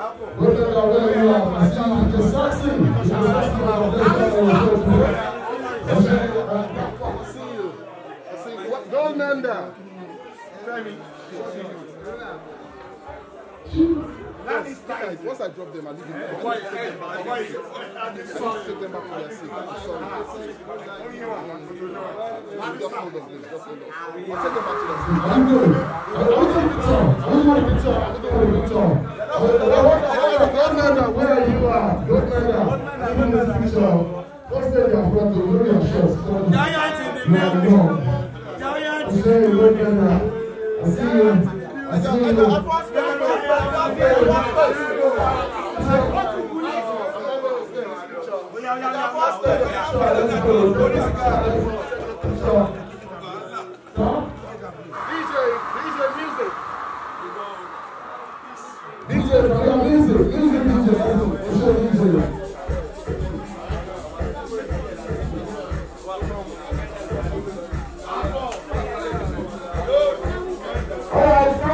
I see Mr. Saxon. Mr. you Go, Nanda. Once I drop them, I leave I'm sorry. Now Today we're I see you. I see you. DJ, DJ music. DJ music. Music.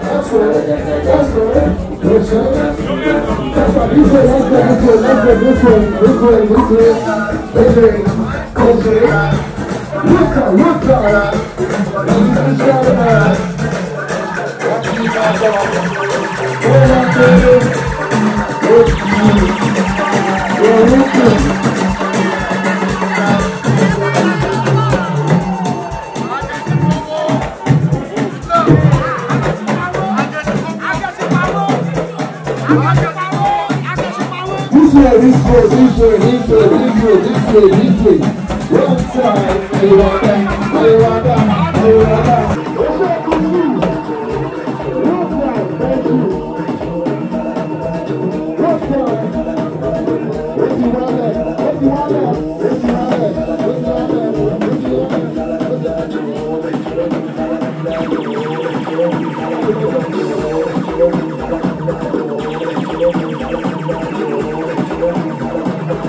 That's right. That's right. That's right. That's right. This way, that's right. This way, that's right. This way, this way, this way. This way. This way. Look out, look out. Look out. Look out. way, this way, this way, this way, this way, this way, this way. One side, they want that, they want that, they want that.